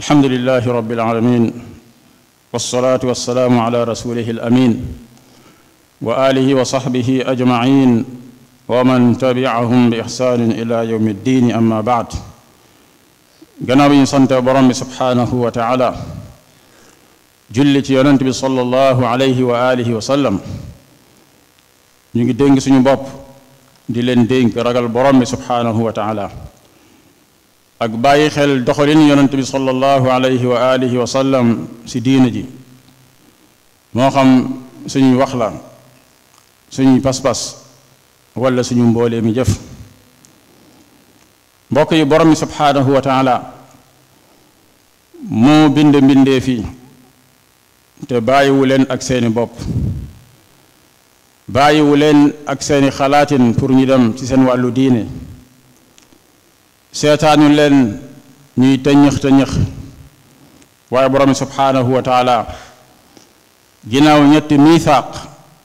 الحمد لله رب العالمين والصلاة والسلام على رسوله الأمين وآله وصحبه أجمعين ومن تبعهم بإحسان إلى يوم الدين أما بعد جنابي صنت برم سبحانه وتعالى جلتي ci صلى الله عليه وآله وسلم نجدين سنباب sallam ñu رجل برم سبحانه وتعالى ak bàyyi xel doxalin yonent bi sallallahu alayhi wa alihi wa sallam si diine ji moo xam suñuy wax la suñuy pas-pas wala suñu mboolee mi jëf mbokk yi borom bi subhaanahu wa taala moo bind mbindee fii te bàyyiwu leen ak seeni bopp bàyyiwu leen ak seeni xalaatin pour ñu dem ci seen wàllu diine seetaanu leen ñuy tëñëx tëñëx waaye borom subhaanahu wa taala ginnaaw ñetti miisaaq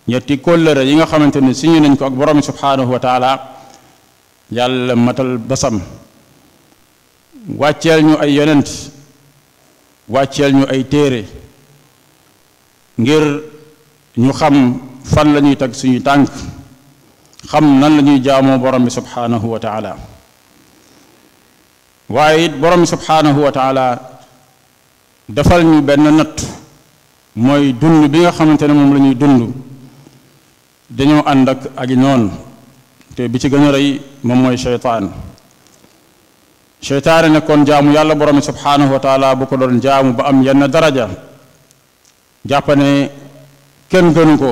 ñetti kóllëre yi nga xamante ne suñu nañ ko ak borom subhaanahu wa taala yàlla matal basam wàcceel ñu ay yonent wàcceel ñu ay téere ngir ñu xam fan la ñuy teg suñu tànk xam nan la ñuy jaamoo borom bi subhaanahu wa taala waaye it borom subhaanahu wa taala defal ñu benn natt mooy dund bi nga xamante ne moom la ñuy dund dañoo ànd ak ak noon te bi ci gën a rëy moom mooy seytaan seytaane ne jaamu yàlla borom subhaanahu wa taala bu ko doon jaamu ba am yenn daraja jàppane kenn gënu ko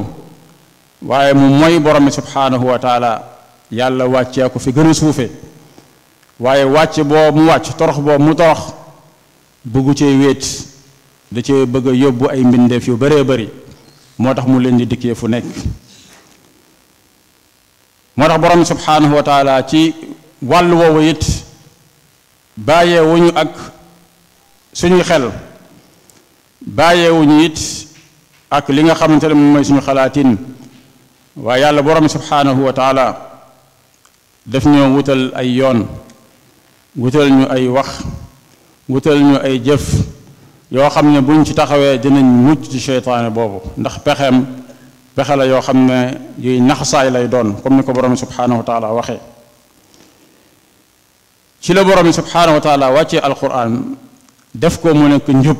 waaye mu mooy borom subhaanahu wa taala yàlla wàccee ko fi gën a suufe waaye wàcc boobu mu wàcc torox boobu mu torox bëggu cee wéet da cee bëgg a yóbbu ay mbindeef yu baree bari moo tax mu leen di dikkee fu nekk moo tax borom subhaanahu wa taala ci wàll woowu it bàyyee ak suñuy xel bàyyee yit ak li nga xamante ne moom mooy suñu xalaatin waaye yàlla boroom subhaanahu wa taala daf ñoo wutal ay yoon wutal ñu ay wax wutal ñu ay jëf yoo xam ne buñ ci taxawee dinañ mucc ci seytaane boobu ndax pexeem pexe la yoo xam ne yuy naxsaay lay doon comme ni ko borom subhanahu wa taala waxee ci la borom subhanahu wa taala wàccee alquran def ko mu nekk njub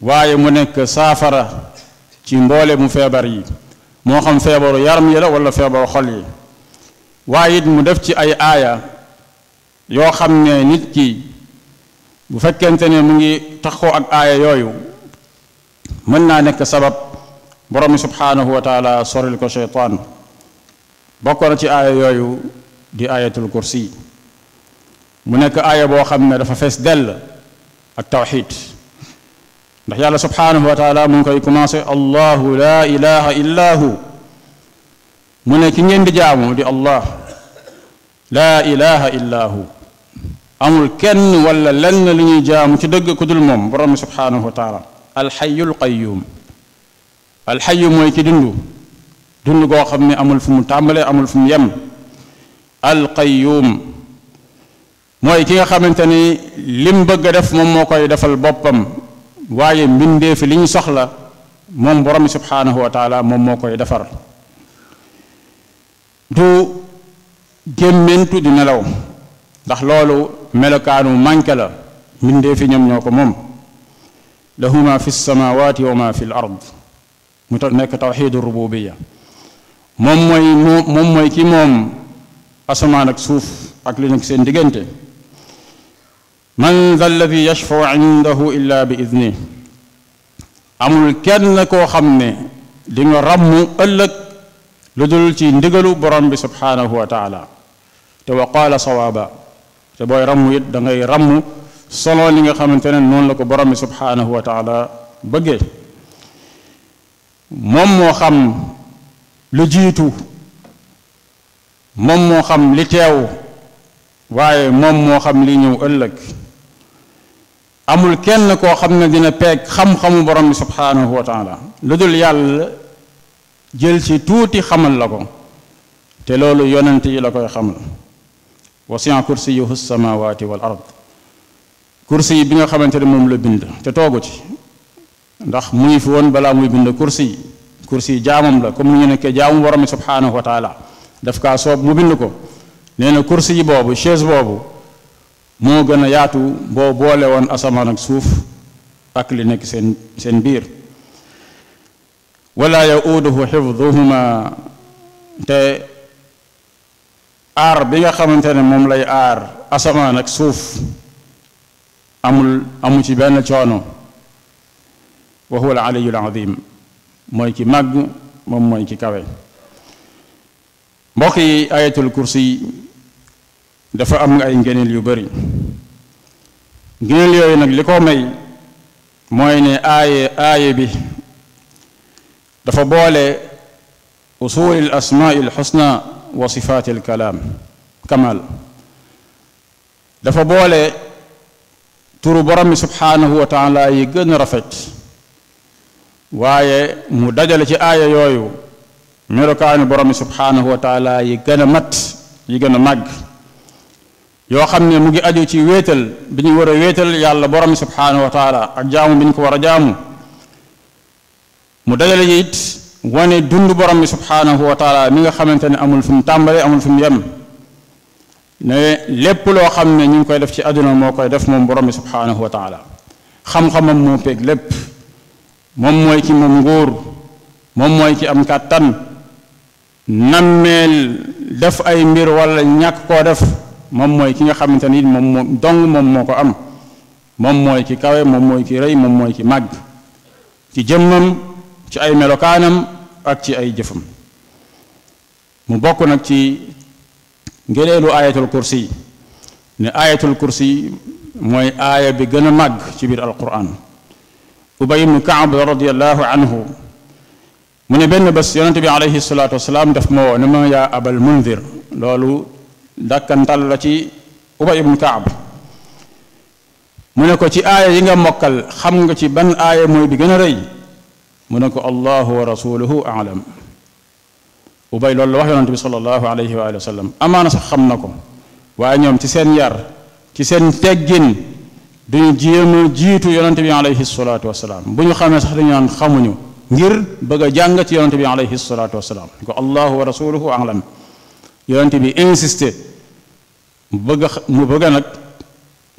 waaye mu nekk saafara ci mboole mu feebar yi moo xam feebaru yaram yi la wala feebaru xol yi waaye it mu def ci ay aaya yoo xam ne nit ki bu fekkente ne mu ngi taxoo ak aaya yooyu mën naa nekk sabab borom bi subhanahu wa taala soril ko cheytaan bokk na ci aaya yooyu di ayatul kursi mu nekk aaya boo xam ne dafa fees dell ak tawxid ndax yàlla subhanahu wa taala mu ngi koy commencé allahu la ilaha illa hu mu ne ki ngeen di jaamu di allah la ilaha illa hu amul kenn wala lenn lu ñuy jaamu ci dëgg ku dul moom borom subhanahu wa taala al qayyum al alxayu mooy ki dund dund goo xam ne amul fu mu tàmbale amul fu mu yem al qayyum mooy ki nga xamante ni lim bëgg def moom moo koy defal boppam waaye mbindee fi li ñu soxla moom borom subhanahu wa taala moom moo koy defar du gémmentu di nelaw ndax loolu melokaanu manqué la mbindee fi ñoom ñoo ko moom lahu ma fi samawati wa ma fi l ard mu nekk tawxidu rububiya moom mooy moom mooy ki moom asamaan ak suuf ak li nekk seen diggante man dha alladi yashfau indahu illa bi idni amul kenn koo xam ne di nga ràmm ëllëg lu dul ci ndigalu borom bi subhanahu wa taala te wa qaala sawaaba te booy ramm it da ngay ramm solo li nga xamante ne noonu la ko borom bi subhanahu wa taala bëggee moom moo xam lu jiitu moom moo xam li teew waaye moom moo xam li ñëw ëllëg amul kenn koo xam ne dina peeg xam-xamu borom bi subhanahu wa taala lu dul yàlla jël ci tuuti xamal la ko te loolu yonent yi la koy xamal وسيع كرسيه السماوات والارض كرسي بيغا خامتاني موم لا بيند تي توغو تي نдах موي فون بلا موي بيند كرسي كرسي جامم لا كوم ني نك جامو ورم سبحانه وتعالى دافكا سوب مو بيند كو نينا كرسي بوبو شيز بوبو مو غنا ياتو بو بوله وون اسمان اك سوف اك لي نك سين سين بير ولا يؤوده حفظهما تي ar bi nga xamante ne moom lay aar ak suuf amul amu ci benn coono wa huwa al aliyul azim mooy ki màgg ki kawe mbokk yi ayatul kursi dafa am ay ngëneel yu bari ngëneel yooyu nag li ko may mooy ne aaye aaye bi dafa boole usulil asmail husna وصفات الكلام كمال دا فا بوله تورو برام سبحانه وتعالى اي رفت رافيت وايه مو داجال سي ايه يويو ميركان برام سبحانه وتعالى اي گن مات اي گن ماگ مجي xamne mu ngi aju ci wetal biñu wara wetal yalla borom subhanahu wa ta'ala ak wane dund borom bi subhaanahu wa taala mi nga xamante ne amul fu mu tàmbalee amul fu mu yem ne lépp loo xam ne ñu ngi koy def ci àdduna moo koy def moom borom bi subhaanahu wa taala xam-xamam moo peeg lépp moom mooy ki moom nguur moom mooy ki am kàttan nammeel def ay mbir wala ñàkk koo def moom mooy ki nga xamante ni moom moom dong moom moo ko am moom mooy ki kawe moom mooy ki rëy moom mooy ki màgg ci jëmmam ci ay melokaanam ak ci ay jëfam mu bokk nag ci ngëneelu ayatul kursi ne ayatul kursi mooy aaya bi gën a màgg ci biir alquran ubay ibnu kaab radiallahu anhu mu ne benn bés yonente bi alayhi salatu wasalaam daf ma ne ma yaa abal mundir loolu dàkkantal la ci ubay ibnu kaab mu ne ko ci aaya yi nga mokkal xam nga ci ban aaya mooy bi gën a rëy mu ne ko allahu wa rasuluhu alam ubay loolu la wax yonante bi sallallahu alayhi wa alihi wa sallam amaana sax xam na ko waaye ñoom ci seen yar ci seen teggin duñu jéem a jiitu yonante bi alayhi salaatu wasalaam bu ñu xamee sax dañu naan xamuñu ngir bëgg a jàng ci yonante bi alayhi salaatu wasalaam ko allahu wa rasuluhu alam yonante bi insisté mu bëgg a mu bëgg nag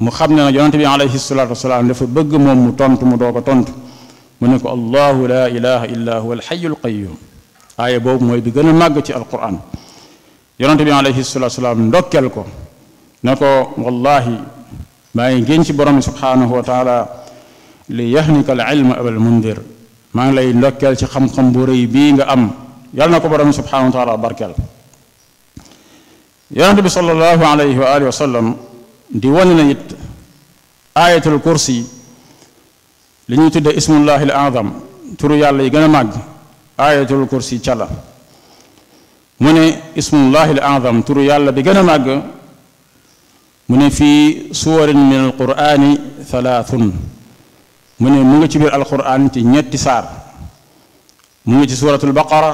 mu xam ne nag yonante bi alayhi salaatu wasalaam dafa bëgg moom mu tontu mu doog a tontu mu ne ko allahu laa ilaha illa huwa alxayu alqayum aaya boobu mooy bi gën a màgg ci alquran yonente bi alayhi salatu salaam ndokkel ko ne ko wallahi maa ngi génn ci borom subhanahu wa taala li yahnika al ilma abal mundir maa ngi lay ndokkeel ci xam-xam bu rëy bii nga am yàlla na ko borom subhanahu wa taala barkeel yonente bi salallahu alayhi wa alihi wa sallam di wane na it ayatul kursi li ñuy tudde ismullahi al azam turu yàlla yi gën a màgg ayatul kursi ca la mu ne ismullahi al azam turu yàlla bi gën a màgg mu ne fii suwarin min al qurani thalathun mu ne mu ngi ci biir alquran ci ñetti saar mu ngi ci suratul baqara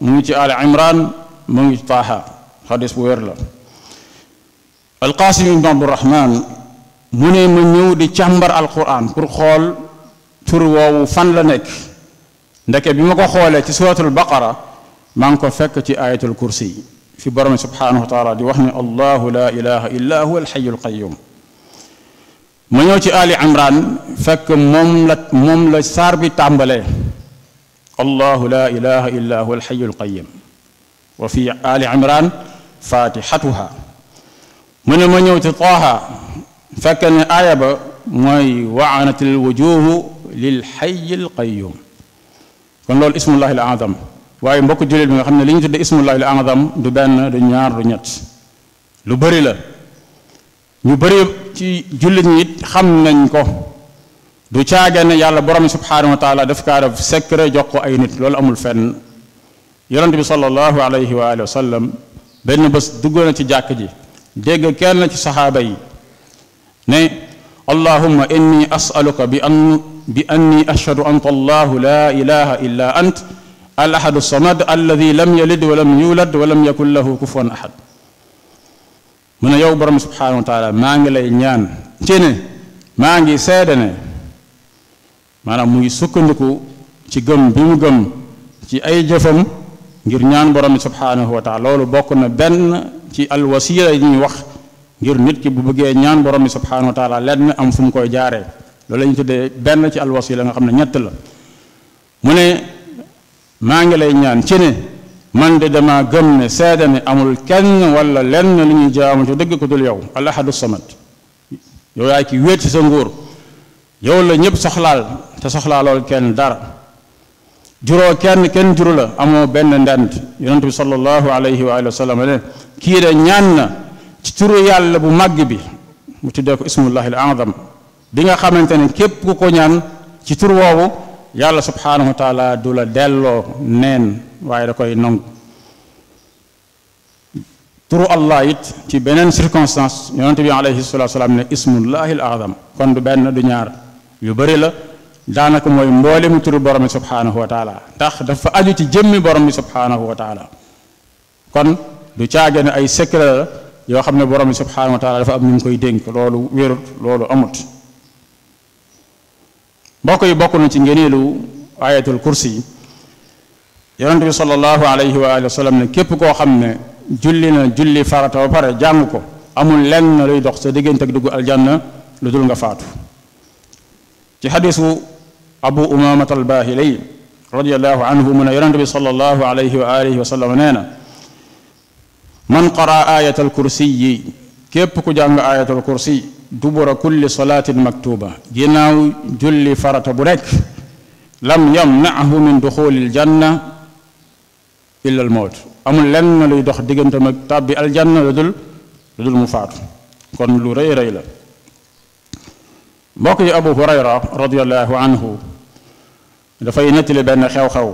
mu ngi ci al imran mu ngi ci taaha xadis bu wér la alqasim ibn abdurahman mu ne ma ñëw di càmbar alquran pour xool tur woowu fan la nekk ndeke bi ma ko xoolee ci suratul baqara maa ngi ko fekk ci ayatul kursi yi fi borom subhanahu wa taala di wax ne allahu la ilaha illa huwa alxayu alqayum ma ñëw ci ali imran fekk moom la moom la saar bi tàmbalee allahu la ilaha illa huwa alxayu alqayum wa fi ali imran fatihatuha mu ne ma ñëw ci taaha fekk ne aaya ba mooy waanatil wujuhu للحي القيوم كون لول اسم الله الاعظم واي مبوك جوليل ميغا خامني لي نتي اسم الله الاعظم دو بن دو نيار دو نيت لو بري لا ني بري تي جوليت نيت خام نان كو دو تياغن يالا بروم سبحانه وتعالى داف كار سكر جوكو اي نيت لول امول فن يرنبي صلى الله عليه واله وسلم بن بس دغونا تي جاك جي دغ كين تي صحابه ني اللهم اني اسالك بان باني اشهد ان الله لا اله الا انت الاحد الصمد الذي لم يلد ولم يولد ولم يكن له كفوا احد من يوم برم سبحانه وتعالى ما لاي نيان تيني ما نغي سيدني ما نا موي سكنكو تي گم بيم گم تي اي جفم غير نيان برم سبحانه وتعالى لولو بوكنا بن تي الوسيله ني وخ غير نيت كي بوبغي نيان برم سبحانه وتعالى لن ام فم كوي جاري loolu la ñu tuddee benn ci alwasila nga xam ne ñett la mu ne maa ngi lay ñaan ci ne man de dama gëm ne seede ne amul kenn wala lenn lu ñuy jaamu ci dëgg ko dul yow al ahadu samad yow yaay ki wéet ci sa nguur yow la ñëpp soxlaal te soxlaalool kenn dara juróo kenn kenn juru la amoo benn ndend yonent bi sallallahu alayhi wa alihi wa sallam ne kii de ñaan na ci turu yàlla bu màgg bi mu tuddee ko ismullahi al azam bi nga xamante ne képp ku ko ñaan ci tur woowu yàlla subhanahu wa taala du la delloo neen waaye da koy nong turu allah it ci beneen circonstance yonente bi alayhi salatu salaam ne ismullahi al azam kon du benn du ñaar yu bëri la daanaka mooy mboolemu turu borom bi subhanahu wa taala ndax dafa aju ci jëmmi borom bi subhanahu wa taala kon du caage ay secret la yoo xam ne borom bi subhanahu wa taala dafa am ñu ngi koy dénk loolu wérut loolu amut mbokk yi bokk na ci ngeneelu ayatul kursi yi yonent bi sallallahu alayhi wa alihi wa sallam ne képp koo xam ne julli na julli farata ba pare jàng ko amul lenn luy dox sa diggante ak dugg aljanna lu dul nga faatu ci xadisu abu umamat albahili radiallahu anhu mu ne yonent bi sallallahu alayhi wa alihi wa sallam nee na man qara ayat al كيف كجانغ آية الكرسي دبر كل صلاة مكتوبة جناو جل فرط بريك لم يمنعه من دخول الجنة إلا الموت أم لن لي دخ دقن تمكتاب الجنة لدل لدل مفاق كون لو ري ري بقي أبو هريرة رضي الله عنه دفاي نتلي بأن خاو خاو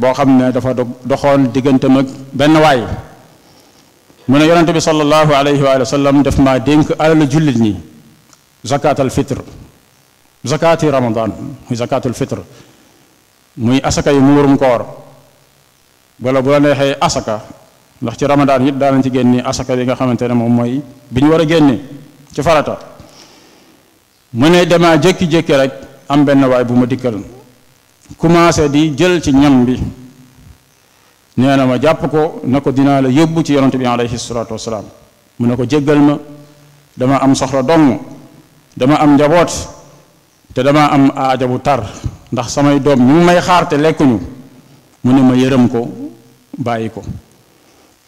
بو خمنا دفا دخون دقن تمك بأن واي من يرانت بصلى الله عليه وآله وسلم دف ما دينك على الجلدني زكاة الفطر زكاة رمضان هي زكاة الفطر مي أسكا يمور مكور بلا بلا نهي أسكا لحتى رمضان يد دارن تجني أسكا ديجا خمن تنا مومي بني ورا جني تفرطا من يدما جكي جكي رك أم بين نواي بومديكر كما سدي جل تنيم بي nee na ma jàpp ko na ko dinaa la yóbbu ci yonante bi alayhi salaatu wasalaam mu ne ko jéggal ma dama am soxla dong dama am njaboot te dama am aaja bu tar ndax samay doom ñu may xaar te lekkuñu mu ne ma yërëm ko bàyyi ko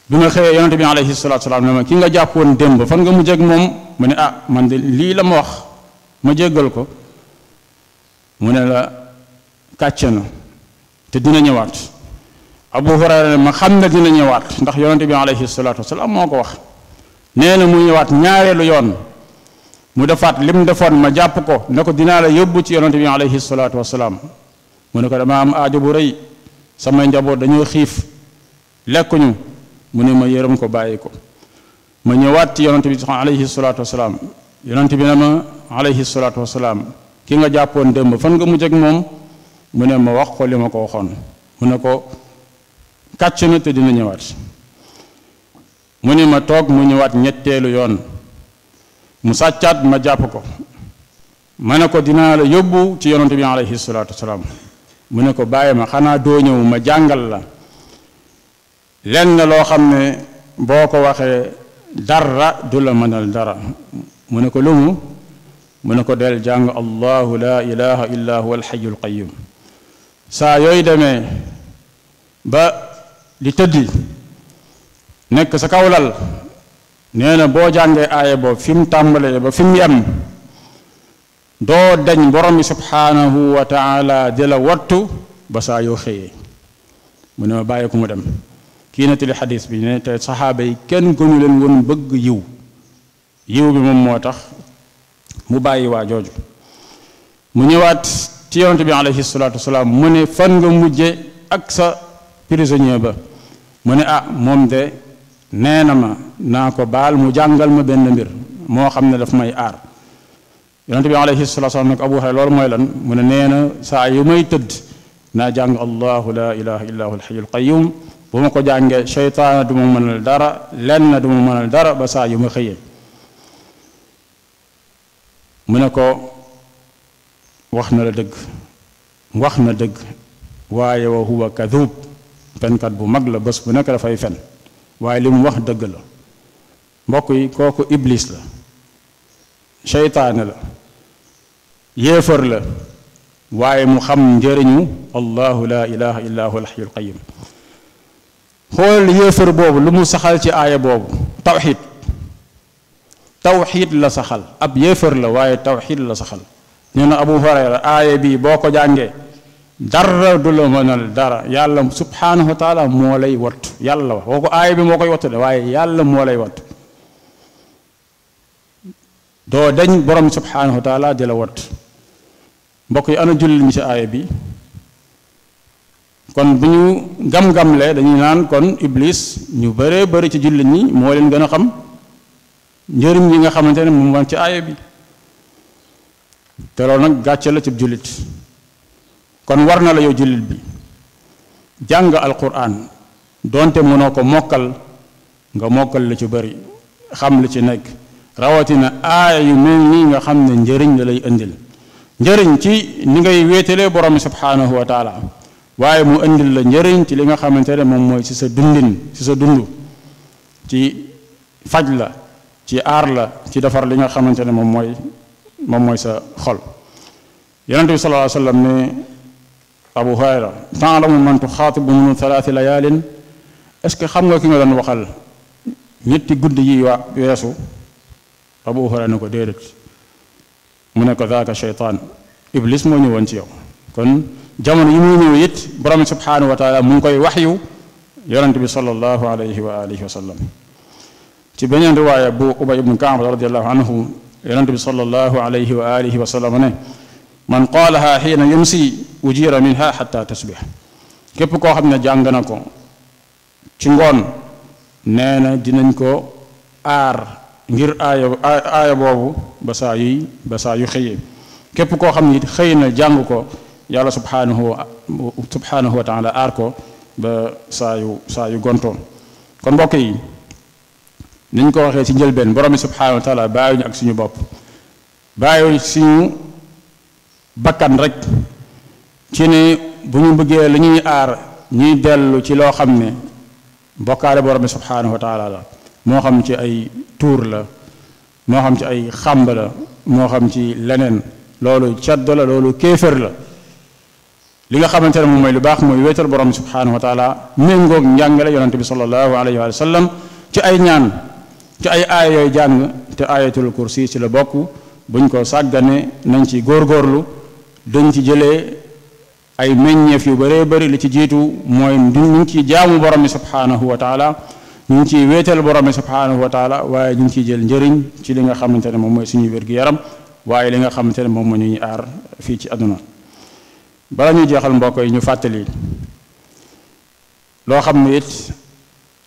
bi ma xëyee yonante bi alayhi salaatu wasalaam ne ma ki nga jàpp woon démb fan nga mu jeg moom mu ne ah man de lii la ma wax ma jéggal ko mu ne la kàcce na te dina ñëwaat abu hurayra ma xam ne dina ñëwaat ndax yonente bi alayhi salaatu wasalaam moo ko wax nee na mu ñëwaat ñaareelu yoon mu defaat lim defoon ma jàpp ko ne ko dinaa la yóbbu ci yonente bi alayhi salaatu wasalaam mu ne ko dama am aajo bu rëy samay njaboot dañoo xiif lekkuñu mu ne ma yërëm ko bàyyi ko ma ñëwaat ci yonente bi alayhi salaatu wasalaam yonente bi ne ma alayhi salaatu wasalaam ki nga jàppoon démb fan nga mujj ak moom mu ne ma wax ko li ma ko waxoon mu ne ko kàcc na te dina ñëwaat mu ni ma toog mu ñëwaat ñetteelu yoon mu sàccaat ma jàpp ko ma ne ko dinaa la yóbbu ci yonante bi alayhi salatu wasalaam mu ne ko bàyyi ma xanaa doo ñëw ma jàngal la lenn loo xam ne boo ko waxee dara du la mënal dara mu ne ko lu mu ne ko del jàng allahu la ilaha illa huwa alxayu alqayum saa yooyu demee ba di tëddi nekk sa kaw lal nee na boo jàngee aaya ba fi mu tàmbalee ba fi mu yem doo dañ borom bi subhanahu wa taala di la wattu ba saa yoo xëyee mu ne ma bàyyi ko mu dem kii nettali xadis bi ne te saxaaba yi kenn gënu leen woon bëgg yiw yiw bi moom moo tax mu bàyyi waa jooju mu ñëwaat ci yonante bi alayhi salaatu wasalaam mu ne fan nga mujje ak sa prisonnier ba mu ne ah moom de nee na ma naa ko baal mu jàngal ma benn mbir moo xam ne daf may aar yonente bi alayhi salatu salaam nag abu xare loolu mooy lan mu ne nee na saa yu may tëdd naa jàng allahu la ilaha illa hu alxayu alqayum bu ma ko jàngee cheytaana du ma mënal dara lenn du ma mënal dara ba saa yu ma xëyee mu ne ko wax na la dëgg wax na dëgg waaye wa huwa kadub fenkat bu mag la bés bu nekk dafay fen waaye li mu wax dëgg la mbokk yi kooku iblis la seytaane la yéefar la waaye mu xam njëriñu allahu la ilaha illa hu alxayu alqayim xool yéefar boobu lu mu saxal ci aaya boobu tawxid tawxid la saxal ab yéefar la waaye tawxid la saxal ñu ne abu hurayra aaya bii boo ko jàngee dara du la mënal dara yàlla subhaanahu wa taala moo lay wattu yàlla wax woo ko aaya bi moo koy wattu de waaye yàlla moo lay wattu doo dañ boroom subhaanahu wa taala di la wattu mbokk yi ana jullit ñi ci aaya bi kon bu ñu gam-gamlee dañu naan kon iblis ñu bëree bëri ci jullit ñi moo leen gën a xam njëriñ yi nga xamante ne moom ci aaya bi te loolu nag gàcce la ci jullit kon war na la yow jullit bi jàng alquran donte mënoo ko mokkal nga mokkal la ci bari xam li ci nekk rawatina aaya yu mel nii nga xam ne njëriñ la lay indil njëriñ ci ni ngay wéetalee borom bi subhaanahu wa taala waaye mu indil la njëriñ ci li nga xamante ne moom mooy ci sa dundin ci sa dund ci faj la ci aar la ci defar li nga xamante ne moom mooy moom mooy sa xol yonente bi sallallahu alayhi wa ne أبو هريرة تعلم من تخاطب من ثلاث ليال اسك خمغا كيما دان وخال نيتي غود يي وا يسو أبو هريرة نكو ديدت منكو ذاك الشيطان إبليس مو نيوان تي يو كون جامون يمو نيو ييت بروم سبحانه وتعالى مو كاي وحيو يونت بي صلى الله عليه واله وسلم تي بنين رواية أبو أبي بن كعب رضي الله عنه يونت بي صلى الله عليه واله وسلم من قالها حين يمسي ujira minha xatta tasbih képp koo xam ne jàng na ko ci ngoon nee na dinañ ko aar ngir aaya aaya boobu ba saa yuy ba saa yu xëyee képp koo xam ne xëy na jàng ko yàlla subhaanahu wa subhaanahu wa taala aar ko ba saa yu saa yu gontoon kon mbokk yi niñ ko waxee ci njëlbeen borom bi subhaanahu wa taala bàyyiwuñu ak suñu bopp bàyyiwuñu suñu bakkan rek ci ni bu ñu bëggee lu ñuy aar ñuy dellu ci loo xam ne bokkaale borom bi subhaanahu wa taala la moo xam ci ay tuur la moo xam ci ay xàmb la moo xam ci leneen loolu caddo la loolu kéefër la li nga xamante ne moom mooy lu baax mooy wéetal borom bi subhaanahu wa taala méngoog njàngale yonante bi sallallahu alayhi wa sallam ci ay ñaan ci ay aaya yooyu jàng te aayatul kursi ci la bokk buñ ko sàggane nañ ci góorgóorlu dañ ci jëlee ay meññeef yu bëree bëri li ci jiitu mooy ñu ngi ciy jaamu borom bi subhaanahu wa taala ñu ngi ciy wéetal borom bi subhaanahu wa taala waaye ñu ngi ciy jël njëriñ ci li nga xamante ne moom mooy suñuy wér-gu-yaram waaye li nga xamante ne moom moo ñuy aar fii ci àdduna bala ñuy jeexal mbokk yi ñu fàttali loo xam ne it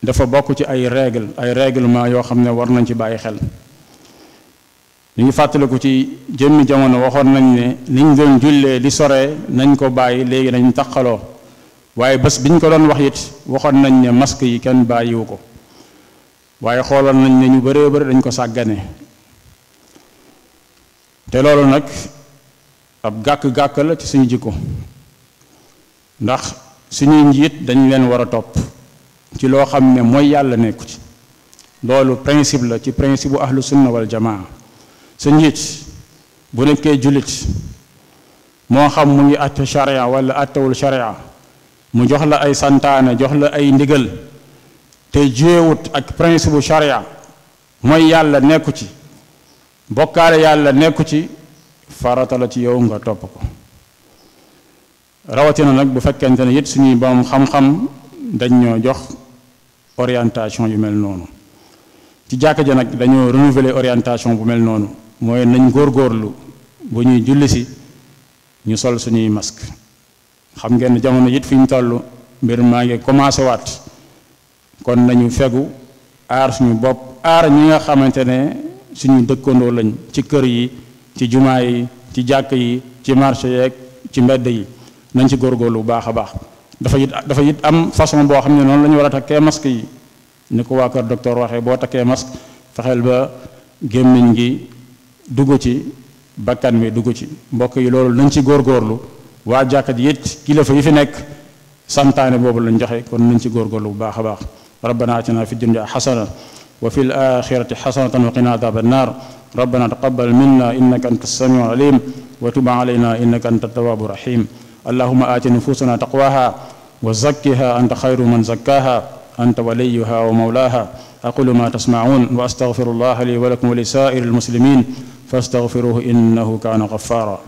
dafa bokk ci ay règle ay règlement yoo xam ne war nañ ci bàyyi xel ñu ngi fàttaliku ci jëmmi jamono waxoon nañ ne niñ doon jullee di sore nañ ko bàyyi léegi nañ taqaloo waaye bés biñ ko doon wax it waxoon nañ ne masque yi kenn bàyyiwu ko waaye xooloon nañ ne ñu bëree bëri dañ ko sàggane te loolu nag ab gàkk-gàkk la ci suñu jikko ndax suñuy njiit dañ leen war a topp ci loo xam ne mooy yàlla nekku ci loolu principe la ci principe bu ahlu sunna wal sa njiit bu nekkee jullit moo xam mu ngi àtte sharia wala àttewul sharia mu jox la ay santaane jox la ay ndigal te juyewut ak principe bu sharia mooy yàlla nekku ci bokkaale yàlla nekku ci faratala ci yow nga topp ko rawatina nag bu fekkente ne it suñuy borom xam-xam dañ ñoo jox orientation yu mel noonu ci jàkk ja nag dañoo renouveler orientation bu mel noonu mooy nañ góor góorlu bu ñuy julli si ñu sol suñuy masque xam ngeen jamono yit fi ñu toll mbir maa ngi commencé waat kon nañu fegu aar suñu bopp aar ñi nga xamante ne suñu dëkkandoo lañ ci kër yi ci jumaa yi ci jàkk yi ci marché yeeg ci mbedd yi nañ ci góor bu baax a baax dafa it dafa it am façon boo xam ne noonu lañu ñu war a takkee masque yi ni ko waa kër docteur waxee boo takkee masque fexeel ba gémmiñ gi dugg ci bakkan wi dugg ci mbokk yi loolu nañ ci góorgóorlu waa jàkkat yit kilifa yi fi nekk santaane boobu lañ joxe kon nañ ci góorgóorlu bu baax a baax ربنا اتنا في الدنيا حسنه وفي الاخره حسنه وقنا عذاب النار ربنا تقبل منا انك انت السميع العليم وتب علينا انك انت التواب الرحيم اللهم ات نفوسنا تقواها وزكها انت خير من زكاها انت وليها ومولاها اقول ما تسمعون واستغفر الله لي ولكم ولسائر المسلمين فاستغفروه إنه كان غفارا